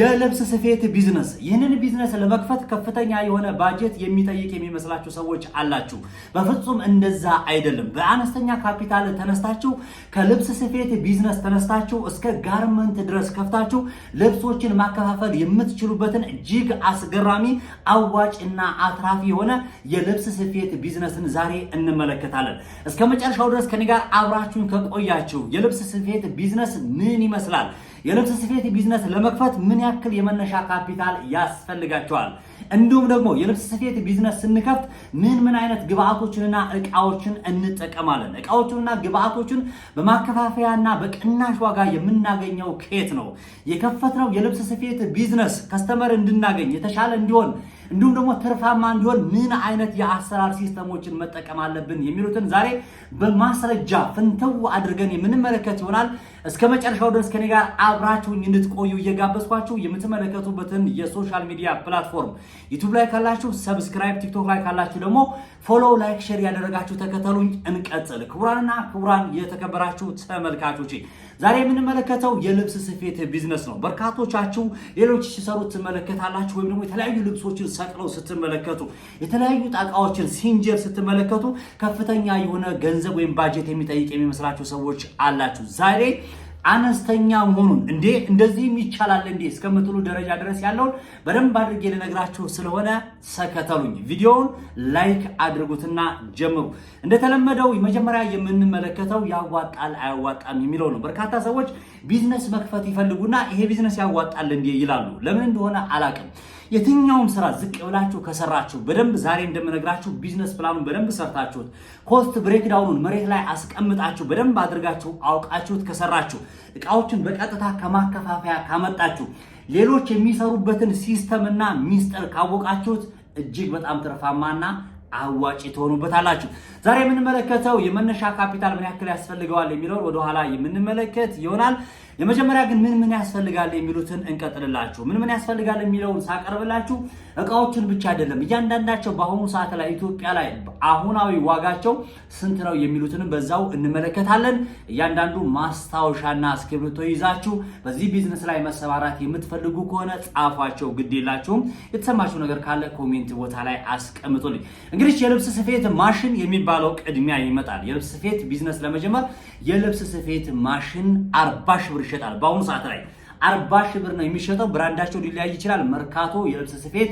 የልብስ ስፌት ቢዝነስ ይህንን ቢዝነስ ለመክፈት ከፍተኛ የሆነ ባጀት የሚጠይቅ የሚመስላችሁ ሰዎች አላችሁ። በፍጹም እንደዛ አይደለም። በአነስተኛ ካፒታል ተነስታችሁ ከልብስ ስፌት ቢዝነስ ተነስታችሁ እስከ ጋርመንት ድረስ ከፍታችሁ ልብሶችን ማከፋፈል የምትችሉበትን እጅግ አስገራሚ አዋጭ እና አትራፊ የሆነ የልብስ ስፌት ቢዝነስን ዛሬ እንመለከታለን። እስከ መጨረሻው ድረስ ከኔ ጋር አብራችሁን ከቆያችሁ የልብስ ስፌት ቢዝነስ ምን ይመስላል የልብስ ስፌት ቢዝነስ ለመክፈት ምን ያክል የመነሻ ካፒታል ያስፈልጋቸዋል? እንዲሁም ደግሞ የልብስ ስፌት ቢዝነስ ስንከፍት ምን ምን አይነት ግብአቶችንና እቃዎችን እንጠቀማለን? እቃዎቹንና ግብአቶችን በማከፋፈያና በቅናሽ ዋጋ የምናገኘው ከየት ነው? የከፈትነው የልብስ ስፌት ቢዝነስ ከስተመር እንድናገኝ የተሻለ እንዲሆን እንዲሁም ደግሞ ትርፋማ እንዲሆን ምን አይነት የአሰራር ሲስተሞችን መጠቀም አለብን የሚሉትን ዛሬ በማስረጃ ፍንትው አድርገን የምንመለከት ይሆናል። እስከ መጨረሻው ድረስ ከኔ ጋር አብራችሁኝ እንድትቆዩ እየጋበዝኳችሁ የምትመለከቱበትን የሶሻል ሚዲያ ፕላትፎርም ዩቱብ ላይ ካላችሁ ሰብስክራይብ፣ ቲክቶክ ላይ ካላችሁ ደግሞ ፎሎ፣ ላይክ፣ ሼር ያደረጋችሁ ተከተሉኝ። እንቀጥል። ክቡራንና ክቡራን የተከበራችሁ ተመልካቾች ዛሬ የምንመለከተው የልብስ ስፌት ቢዝነስ ነው። በርካቶቻችሁ ሌሎች ሲሰሩ ትመለከታላችሁ፣ ወይም ደግሞ የተለያዩ ልብሶችን ሰቅለው ስትመለከቱ፣ የተለያዩ ጣቃዎችን ሲንጀር ስትመለከቱ ከፍተኛ የሆነ ገንዘብ ወይም ባጀት የሚጠይቅ የሚመስላችሁ ሰዎች አላችሁ ዛሬ አነስተኛ መሆኑን እንዴ እንደዚህም ይቻላል እንዴ እስከምትሉ ደረጃ ድረስ ያለውን በደንብ አድርጌ ልነግራችሁ ስለሆነ ሰከተሉኝ። ቪዲዮውን ላይክ አድርጉትና ጀምሩ። እንደተለመደው መጀመሪያ የምንመለከተው ያዋጣል አያዋጣም የሚለው ነው። በርካታ ሰዎች ቢዝነስ መክፈት ይፈልጉና ይሄ ቢዝነስ ያዋጣል እንዴ ይላሉ። ለምን እንደሆነ አላቅም። የትኛውም ስራ ዝቅ ብላችሁ ከሰራችሁ በደንብ ዛሬ እንደምነግራችሁ ቢዝነስ ፕላኑን በደንብ ሰርታችሁት ኮስት ብሬክዳውኑን መሬት ላይ አስቀምጣችሁ በደንብ አድርጋችሁ አውቃችሁት ከሰራችሁ እቃዎችን በቀጥታ ከማከፋፈያ ካመጣችሁ ሌሎች የሚሰሩበትን ሲስተምና ሚስጥር ካወቃችሁት እጅግ በጣም ትርፋማና አዋጭ ትሆኑበታላችሁ። ዛሬ የምንመለከተው የመነሻ ካፒታል ምን ያክል ያስፈልገዋል የሚለውን ወደኋላ የምንመለከት ይሆናል። የመጀመሪያ ግን ምን ምን ያስፈልጋል የሚሉትን እንቀጥልላችሁ። ምን ምን ያስፈልጋል የሚለውን ሳቀርብላችሁ እቃዎችን ብቻ አይደለም እያንዳንዳቸው በአሁኑ ሰዓት ላይ ኢትዮጵያ ላይ አሁናዊ ዋጋቸው ስንት ነው የሚሉትንም በዛው እንመለከታለን። እያንዳንዱ ማስታወሻና እስክሪብቶ ይዛችሁ በዚህ ቢዝነስ ላይ መሰማራት የምትፈልጉ ከሆነ ጻፏቸው፣ ግድ የላችሁም። የተሰማችሁ ነገር ካለ ኮሜንት ቦታ ላይ አስቀምጡልኝ። እንግዲህ የልብስ ስፌት ማሽን የሚባለው ቅድሚያ ይመጣል። የልብስ ስፌት ቢዝነስ ለመጀመር የልብስ ስፌት ማሽን አርባ ሺህ ብር ይሸጣል። በአሁኑ ሰዓት ላይ አርባ ሺህ ብር ነው የሚሸጠው። ብራንዳቸው ሊለያይ ይችላል። መርካቶ የልብስ ስፌት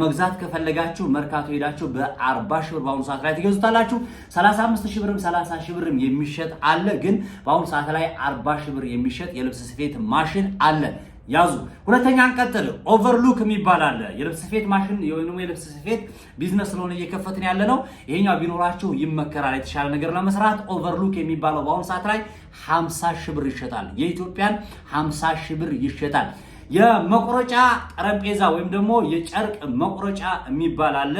መግዛት ከፈለጋችሁ መርካቶ ሄዳችሁ በአርባ ሺህ ብር በአሁኑ ሰዓት ላይ ትገዙታላችሁ። ሰላሳ አምስት ሺህ ብርም ሰላሳ ሺህ ብርም የሚሸጥ አለ። ግን በአሁኑ ሰዓት ላይ አርባ ሺህ ብር የሚሸጥ የልብስ ስፌት ማሽን አለ። ያዙ። ሁለተኛ እንቀጥል። ኦቨርሉክ የሚባል አለ። የልብስ ስፌት ማሽን ወይም የልብስ ስፌት ቢዝነስ ስለሆነ እየከፈትን ያለ ነው። ይሄኛው ቢኖራቸው ይመከራል፣ የተሻለ ነገር ለመስራት። ኦቨርሉክ የሚባለው በአሁኑ ሰዓት ላይ 50 ሺህ ብር ይሸጣል። የኢትዮጵያን 50 ሺህ ብር ይሸጣል። የመቁረጫ ጠረጴዛ ወይም ደግሞ የጨርቅ መቁረጫ የሚባል አለ።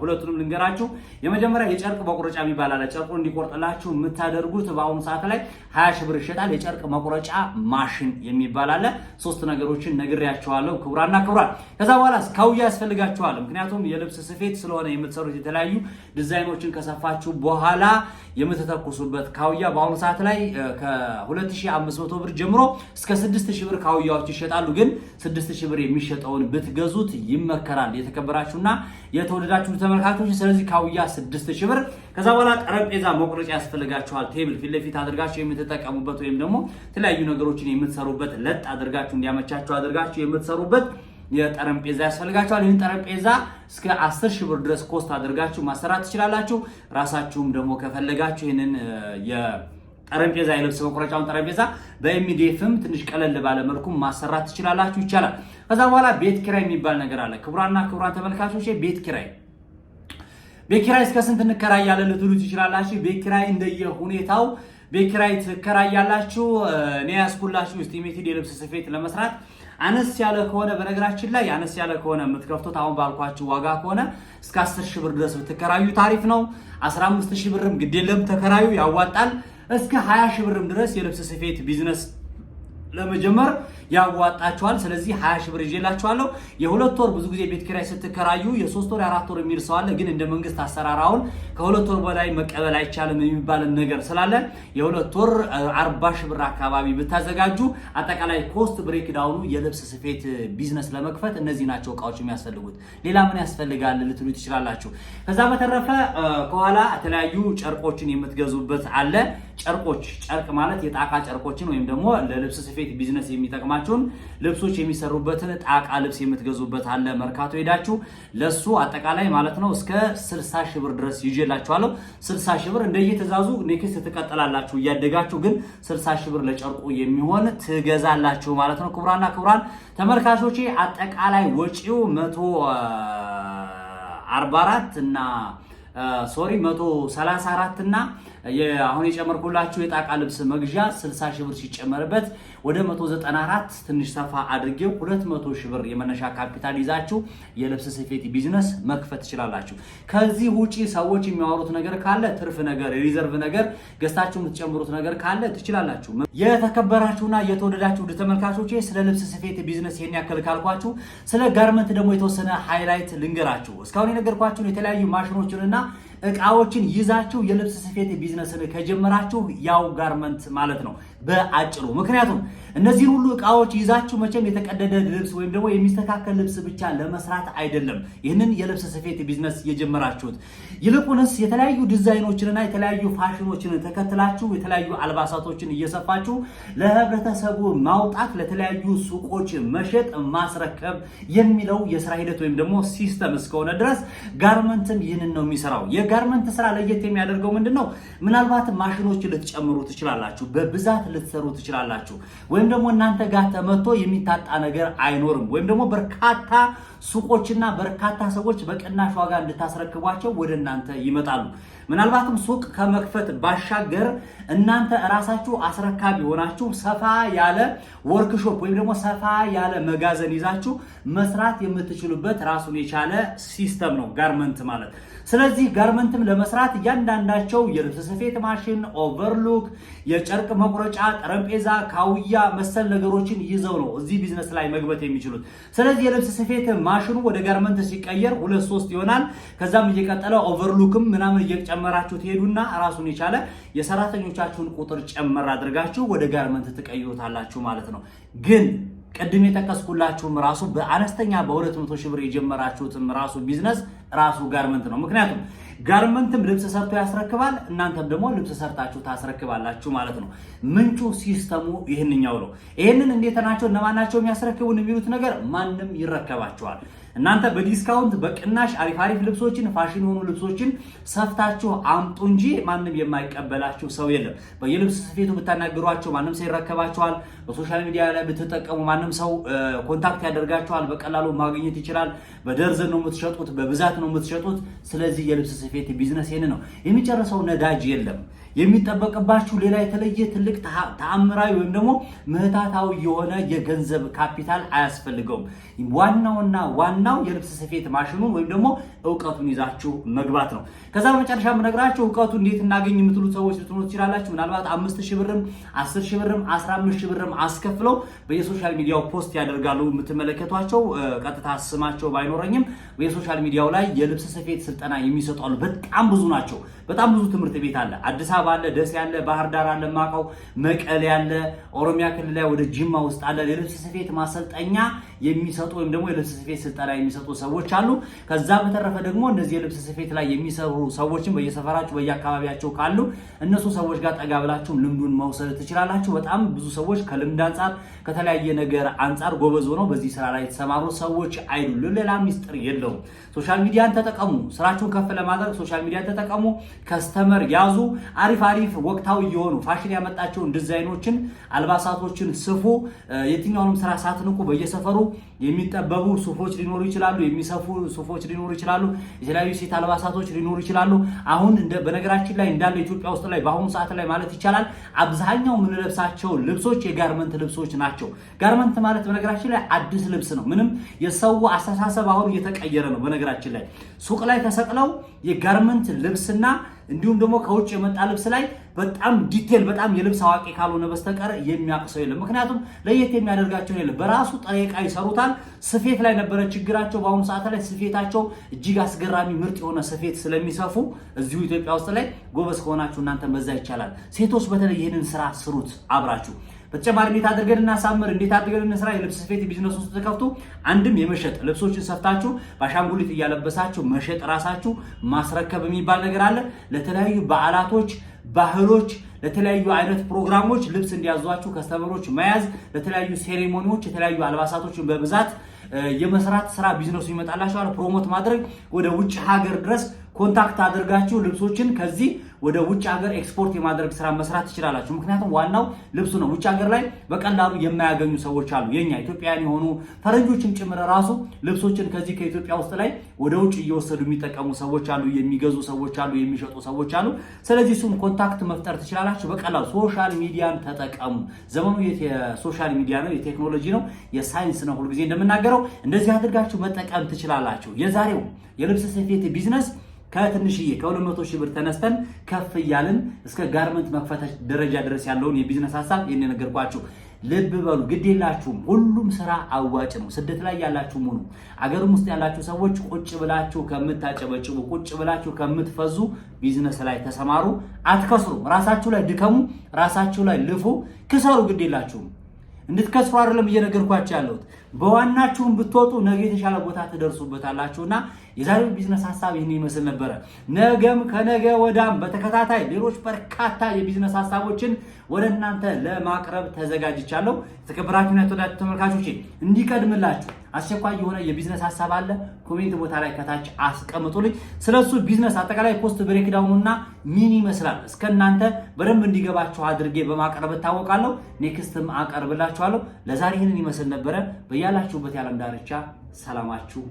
ሁለቱንም ልንገራችሁ። የመጀመሪያ የጨርቅ መቁረጫ የሚባል አለ። ጨርቁ እንዲቆርጥላችሁ የምታደርጉት በአሁኑ ሰዓት ላይ ሀያ ሺህ ብር ይሸጣል። የጨርቅ መቁረጫ ማሽን የሚባል አለ። ሶስት ነገሮችን ነግሬያቸዋለሁ፣ ክቡራና ክቡራን። ከዛ በኋላ እስካውያ ያስፈልጋችኋል። ምክንያቱም የልብስ ስፌት ስለሆነ የምትሰሩት የተለያዩ ዲዛይኖችን ከሰፋችሁ በኋላ የምትተኩሱበት ካውያ በአሁኑ ሰዓት ላይ ከ2500 ብር ጀምሮ እስከ 6000 ብር ካውያዎች ይሸጣሉ። ግን 6000 ብር የሚሸጠውን ብትገዙት ይመከራል። የተከበራችሁና የተወደዳችሁ ተመልካቾች፣ ስለዚህ ካውያ 6000 ብር። ከዛ በኋላ ጠረጴዛ መቁረጫ ያስፈልጋችኋል። ቴብል ፊት ለፊት አድርጋችሁ የምትጠቀሙበት ወይም ደግሞ የተለያዩ ነገሮችን የምትሰሩበት ለጥ አድርጋችሁ እንዲያመቻችሁ አድርጋችሁ የምትሰሩበት የጠረጴዛ ያስፈልጋቸዋል። ይህን ጠረጴዛ እስከ 10 ሺህ ብር ድረስ ኮስት አድርጋችሁ ማሰራት ትችላላችሁ። ራሳችሁም ደግሞ ከፈለጋችሁ ይህንን የጠረጴዛ የልብስ መቁረጫውን ጠረጴዛ በኤምዲኤፍም ትንሽ ቀለል ባለ መልኩ ማሰራት ትችላላችሁ፣ ይቻላል። ከዛ በኋላ ቤት ኪራይ የሚባል ነገር አለ። ክቡራና ክቡራን ተመልካቾች ቤት ኪራይ ቤት ኪራይ እስከ ስንት እንከራያለን ልትሉ ትችላላችሁ። ቤት ኪራይ እንደየ ሁኔታው ቤት ኪራይ ትከራያላችሁ። እኔ ያስኩላችሁ ኢስቲሜትድ የልብስ ስፌት ለመስራት አነስ ያለ ከሆነ በነገራችን ላይ አነስ ያለ ከሆነ የምትከፍቱት አሁን ባልኳችሁ ዋጋ ከሆነ እስከ 10 ሺህ ብር ድረስ ብትከራዩ ታሪፍ ነው። 15 ሺህ ብርም ግድ የለም ተከራዩ ያዋጣል። እስከ 20 ሺህ ብርም ድረስ የልብስ ስፌት ቢዝነስ ለመጀመር ያዋጣችኋል። ስለዚህ ሀያ ሺህ ብር ይዤላችኋለሁ። የሁለት ወር ብዙ ጊዜ ቤት ኪራይ ስትከራዩ የሶስት ወር የአራት ወር የሚል ሰው አለ። ግን እንደ መንግስት አሰራራውን ከሁለት ወር በላይ መቀበል አይቻልም የሚባልን ነገር ስላለ የሁለት ወር አርባ ሺህ ብር አካባቢ ብታዘጋጁ አጠቃላይ ኮስት ብሬክ ዳውኑ የልብስ ስፌት ቢዝነስ ለመክፈት እነዚህ ናቸው እቃዎች የሚያስፈልጉት። ሌላ ምን ያስፈልጋል ልትሉ ትችላላችሁ። ከዛ በተረፈ ከኋላ የተለያዩ ጨርቆችን የምትገዙበት አለ። ጨርቆች ጨርቅ ማለት የጣቃ ጨርቆችን ወይም ደግሞ ለልብስ ስፌት ቢዝነስ የሚጠቅማ ማናቸውም ልብሶች የሚሰሩበትን ጣቃ ልብስ የምትገዙበት አለ። መርካቶ ሄዳችሁ ለሱ አጠቃላይ ማለት ነው እስከ 60 ሺህ ብር ድረስ ይዤላችኋለሁ። 60 ሺህ ብር እንደየትእዛዙ ኔክስት ትቀጥላላችሁ። እያደጋችሁ ግን 60 ሺህ ብር ለጨርቁ የሚሆን ትገዛላችሁ ማለት ነው። ክቡራና ክቡራን ተመልካቾቼ አጠቃላይ ወጪው 144 44 እና ሶሪ 134 እና አሁን የጨመርኩላችሁ የጣቃ ልብስ መግዣ 60 ሺህ ብር ሲጨመርበት ወደ 194 ትንሽ ሰፋ አድርጌው 200 ሺህ ብር የመነሻ ካፒታል ይዛችሁ የልብስ ስፌት ቢዝነስ መክፈት ትችላላችሁ። ከዚህ ውጪ ሰዎች የሚያወሩት ነገር ካለ ትርፍ ነገር፣ ሪዘርቭ ነገር ገዝታችሁ የምትጨምሩት ነገር ካለ ትችላላችሁ። የተከበራችሁና የተወደዳችሁ ተመልካቾቼ ስለ ልብስ ስፌት ቢዝነስ ይሄን ያክል ካልኳችሁ፣ ስለ ጋርመንት ደግሞ የተወሰነ ሃይላይት ልንገራችሁ። እስካሁን የነገርኳችሁን የተለያዩ ማሽኖችንና እቃዎችን ይዛችሁ የልብስ ስፌት ቢዝነስን ከጀመራችሁ ያው ጋርመንት ማለት ነው። በአጭሩ። ምክንያቱም እነዚህን ሁሉ እቃዎች ይዛችሁ መቼም የተቀደደ ልብስ ወይም ደግሞ የሚስተካከል ልብስ ብቻ ለመስራት አይደለም ይህንን የልብስ ስፌት ቢዝነስ የጀመራችሁት። ይልቁንስ የተለያዩ ዲዛይኖችንና የተለያዩ ፋሽኖችን ተከትላችሁ የተለያዩ አልባሳቶችን እየሰፋችሁ ለህብረተሰቡ ማውጣት፣ ለተለያዩ ሱቆች መሸጥ፣ ማስረከብ የሚለው የስራ ሂደት ወይም ደግሞ ሲስተም እስከሆነ ድረስ ጋርመንትን ይህንን ነው የሚሰራው። የጋርመንት ስራ ለየት የሚያደርገው ምንድን ነው? ምናልባት ማሽኖችን ልትጨምሩ ትችላላችሁ በብዛት ልትሰሩ ትችላላችሁ። ወይም ደግሞ እናንተ ጋር ተመቶ የሚታጣ ነገር አይኖርም። ወይም ደግሞ በርካታ ሱቆችና በርካታ ሰዎች በቅናሽ ዋጋ እንድታስረክቧቸው ወደ እናንተ ይመጣሉ። ምናልባትም ሱቅ ከመክፈት ባሻገር እናንተ እራሳችሁ አስረካቢ ሆናችሁ ሰፋ ያለ ወርክሾፕ ወይም ደግሞ ሰፋ ያለ መጋዘን ይዛችሁ መስራት የምትችሉበት ራሱን የቻለ ሲስተም ነው ጋርመንት ማለት። ስለዚህ ጋርመንትም ለመስራት እያንዳንዳቸው የልብስ ስፌት ማሽን፣ ኦቨርሉክ፣ የጨርቅ መቁረጫ ጠረጴዛ፣ ካውያ መሰል ነገሮችን ይዘው ነው እዚህ ቢዝነስ ላይ መግባት የሚችሉት። ስለዚህ የልብስ ስፌት ማሽኑ ወደ ጋርመንት ሲቀየር ሁለት ሶስት ይሆናል። ከዛም እየቀጠለ ኦቨርሉክም ምናምን እየጨመራችሁ ትሄዱና ራሱን የቻለ የሰራተኞቻችሁን ቁጥር ጨመር አድርጋችሁ ወደ ጋርመንት ትቀይሩታላችሁ ማለት ነው ግን ቅድም የጠቀስኩላችሁም ራሱ በአነስተኛ በሁለት 200 ሺህ ብር የጀመራችሁትም ራሱ ቢዝነስ ራሱ ጋርመንት ነው። ምክንያቱም ጋርመንትም ልብስ ሰርቶ ያስረክባል፣ እናንተም ደግሞ ልብስ ሰርታችሁ ታስረክባላችሁ ማለት ነው። ምንጩ ሲስተሙ ይህንኛው ነው። ይህንን እንዴት ናቸው እነማን ናቸው የሚያስረክቡን የሚሉት ነገር ማንም ይረከባቸዋል። እናንተ በዲስካውንት በቅናሽ አሪፍ አሪፍ ልብሶችን ፋሽን የሆኑ ልብሶችን ሰፍታችሁ አምጡ እንጂ ማንም የማይቀበላችሁ ሰው የለም። በየልብስ ስፌቱ ብታናግሯቸው ማንም ሰው ይረከባቸዋል በሶሻል ሚዲያ ላይ ብትጠቀሙ ማንም ሰው ኮንታክት ያደርጋቸዋል በቀላሉ ማግኘት ይችላል። በደርዘን ነው የምትሸጡት፣ በብዛት ነው የምትሸጡት። ስለዚህ የልብስ ስፌት ቢዝነስ ይህን ነው። የሚጨርሰው ነዳጅ የለም። የሚጠበቅባችሁ ሌላ የተለየ ትልቅ ተአምራዊ ወይም ደግሞ ምህታታዊ የሆነ የገንዘብ ካፒታል አያስፈልገውም። ዋናውና ዋና ዋናው የልብስ ስፌት ማሽኑን ወይም ደግሞ እውቀቱን ይዛችሁ መግባት ነው። ከዛ በመጨረሻ የምነግራችሁ እውቀቱ እንዴት እናገኝ የምትሉ ሰዎች ልትኖሩ ትችላላችሁ። ምናልባት አምስት ሺህ ብርም አስር ሺህ ብርም አስራ አምስት ሺህ ብርም አስከፍለው በየሶሻል ሚዲያው ፖስት ያደርጋሉ። የምትመለከቷቸው ቀጥታ ስማቸው ባይኖረኝም በየሶሻል ሚዲያው ላይ የልብስ ስፌት ስልጠና የሚሰጡ አሉ። በጣም ብዙ ናቸው። በጣም ብዙ ትምህርት ቤት አለ። አዲስ አበባ አለ፣ ደሴ አለ፣ ባህር ዳር አለ፣ ማቀው መቀሌ አለ፣ ኦሮሚያ ክልል ላይ ወደ ጅማ ውስጥ አለ። የልብስ ስፌት ማሰልጠኛ የሚሰጡ ወይም ደግሞ የልብስ ስፌት ስልጠና የሚሰጡ ሰዎች አሉ። ከዛ በተረፈ ደግሞ እነዚህ የልብስ ስፌት ላይ የሚሰሩ ሰዎችን በየሰፈራችሁ በየአካባቢያቸው ካሉ እነሱ ሰዎች ጋር ጠጋ ብላችሁ ልምዱን መውሰድ ትችላላችሁ። በጣም ብዙ ሰዎች ከልምድ አንጻር ከተለያየ ነገር አንጻር ጎበዝ ሆነው በዚህ ስራ ላይ የተሰማሩ ሰዎች አይሉ። ሌላ ሚስጥር የለውም። ሶሻል ሚዲያን ተጠቀሙ። ስራችሁን ከፍ ለማድረግ ሶሻል ሚዲያን ተጠቀሙ። ከስተመር ያዙ። አሪፍ አሪፍ ወቅታዊ የሆኑ ፋሽን ያመጣቸውን ዲዛይኖችን፣ አልባሳቶችን ስፉ። የትኛውንም ስራ ሳትንቁ በየሰፈሩ የሚጠበቡ ሱፎች ሊኖሩ ይችላሉ፣ የሚሰፉ ሱፎች ሊኖሩ ይችላሉ፣ የተለያዩ ሴት አልባሳቶች ሊኖሩ ይችላሉ። አሁን በነገራችን ላይ እንዳለ ኢትዮጵያ ውስጥ ላይ በአሁኑ ሰዓት ላይ ማለት ይቻላል አብዛኛው የምንለብሳቸው ልብሶች የጋርመንት ልብሶች ናቸው። ጋርመንት ማለት በነገራችን ላይ አዲስ ልብስ ነው። ምንም የሰው አስተሳሰብ አሁን እየተቀየረ ነው። በነገራችን ላይ ሱቅ ላይ ተሰቅለው የጋርመንት ልብስና እንዲሁም ደግሞ ከውጭ የመጣ ልብስ ላይ በጣም ዲቴል በጣም የልብስ አዋቂ ካልሆነ በስተቀር የሚያቅሰው የለም። ምክንያቱም ለየት የሚያደርጋቸው የለም። በራሱ ጥሬ ዕቃ ይሰሩታል። ስፌት ላይ ነበረ ችግራቸው። በአሁኑ ሰዓት ላይ ስፌታቸው እጅግ አስገራሚ ምርጥ የሆነ ስፌት ስለሚሰፉ እዚሁ ኢትዮጵያ ውስጥ ላይ ጎበዝ ከሆናችሁ እናንተ በዛ ይቻላል። ሴቶች በተለይ ይህንን ስራ ስሩት አብራችሁ በተጨማሪ እንዴት አድርገን እናሳምር፣ እንዴት አድርገን እንስራ፣ የልብስ ስፌት ቢዝነስ ውስጥ ተከፍቶ አንድም የመሸጥ ልብሶችን ሰፍታችሁ በአሻንጉሊት እያለበሳችሁ መሸጥ ራሳችሁ ማስረከብ የሚባል ነገር አለ። ለተለያዩ በዓላቶች ባህሎች ለተለያዩ አይነት ፕሮግራሞች ልብስ እንዲያዟችሁ ከስተመሮች መያዝ፣ ለተለያዩ ሴሬሞኒዎች የተለያዩ አልባሳቶችን በብዛት የመስራት ስራ ቢዝነሱ ይመጣላችኋል። ፕሮሞት ማድረግ ወደ ውጭ ሀገር ድረስ ኮንታክት አድርጋችሁ ልብሶችን ከዚህ ወደ ውጭ ሀገር ኤክስፖርት የማድረግ ስራ መስራት ትችላላችሁ። ምክንያቱም ዋናው ልብሱ ነው። ውጭ ሀገር ላይ በቀላሉ የማያገኙ ሰዎች አሉ። የኛ ኢትዮጵያውያን የሆኑ ፈረንጆችን ጭምር ራሱ ልብሶችን ከዚህ ከኢትዮጵያ ውስጥ ላይ ወደ ውጭ እየወሰዱ የሚጠቀሙ ሰዎች አሉ፣ የሚገዙ ሰዎች አሉ፣ የሚሸጡ ሰዎች አሉ። ስለዚህ እሱም ኮንታክት መፍጠር ትችላላችሁ በቀላሉ። ሶሻል ሚዲያን ተጠቀሙ። ዘመኑ የሶሻል ሚዲያ ነው፣ የቴክኖሎጂ ነው፣ የሳይንስ ነው። ሁልጊዜ እንደምናገረው እንደዚህ አድርጋችሁ መጠቀም ትችላላችሁ። የዛሬው የልብስ ስፌት ቢዝነስ ከትንሽዬ ከሁለት መቶ ሺህ ብር ተነስተን ከፍ እያልን እስከ ጋርመንት መክፈታች ደረጃ ድረስ ያለውን የቢዝነስ ሀሳብ ይህን የነገርኳችሁ። ልብ በሉ፣ ግድ የላችሁም። ሁሉም ስራ አዋጭ ነው። ስደት ላይ ያላችሁም ሆኑ አገርም ውስጥ ያላችሁ ሰዎች ቁጭ ብላችሁ ከምታጨበጭቡ፣ ቁጭ ብላችሁ ከምትፈዙ ቢዝነስ ላይ ተሰማሩ። አትከስሩ። ራሳችሁ ላይ ድከሙ፣ ራሳችሁ ላይ ልፉ፣ ክሰሩ። ግድ የላችሁም። እንድትከስሩ አይደለም እየነገርኳቸው ያለሁት በዋናችሁም ብትወጡ ነገ የተሻለ ቦታ ትደርሱበታላችሁ እና የዛሬው ቢዝነስ ሀሳብ ይህን ይመስል ነበረ። ነገም ከነገ ወዳም በተከታታይ ሌሎች በርካታ የቢዝነስ ሀሳቦችን ወደ እናንተ ለማቅረብ ተዘጋጅቻለሁ። የተከበራችሁና የተወዳጅ ተመልካቾች እንዲቀድምላችሁ አስቸኳይ የሆነ የቢዝነስ ሀሳብ አለ፣ ኮሜንት ቦታ ላይ ከታች አስቀምጡልኝ። ስለሱ ቢዝነስ አጠቃላይ ፖስት ብሬክዳውኑና ሚን ይመስላል እስከ እናንተ በደንብ እንዲገባችሁ አድርጌ በማቅረብ እታወቃለሁ። ኔክስትም አቀርብላችኋለሁ። ለዛሬ ይህንን ይመስል ነበረ። በያላችሁበት የዓለም ዳርቻ ሰላማችሁ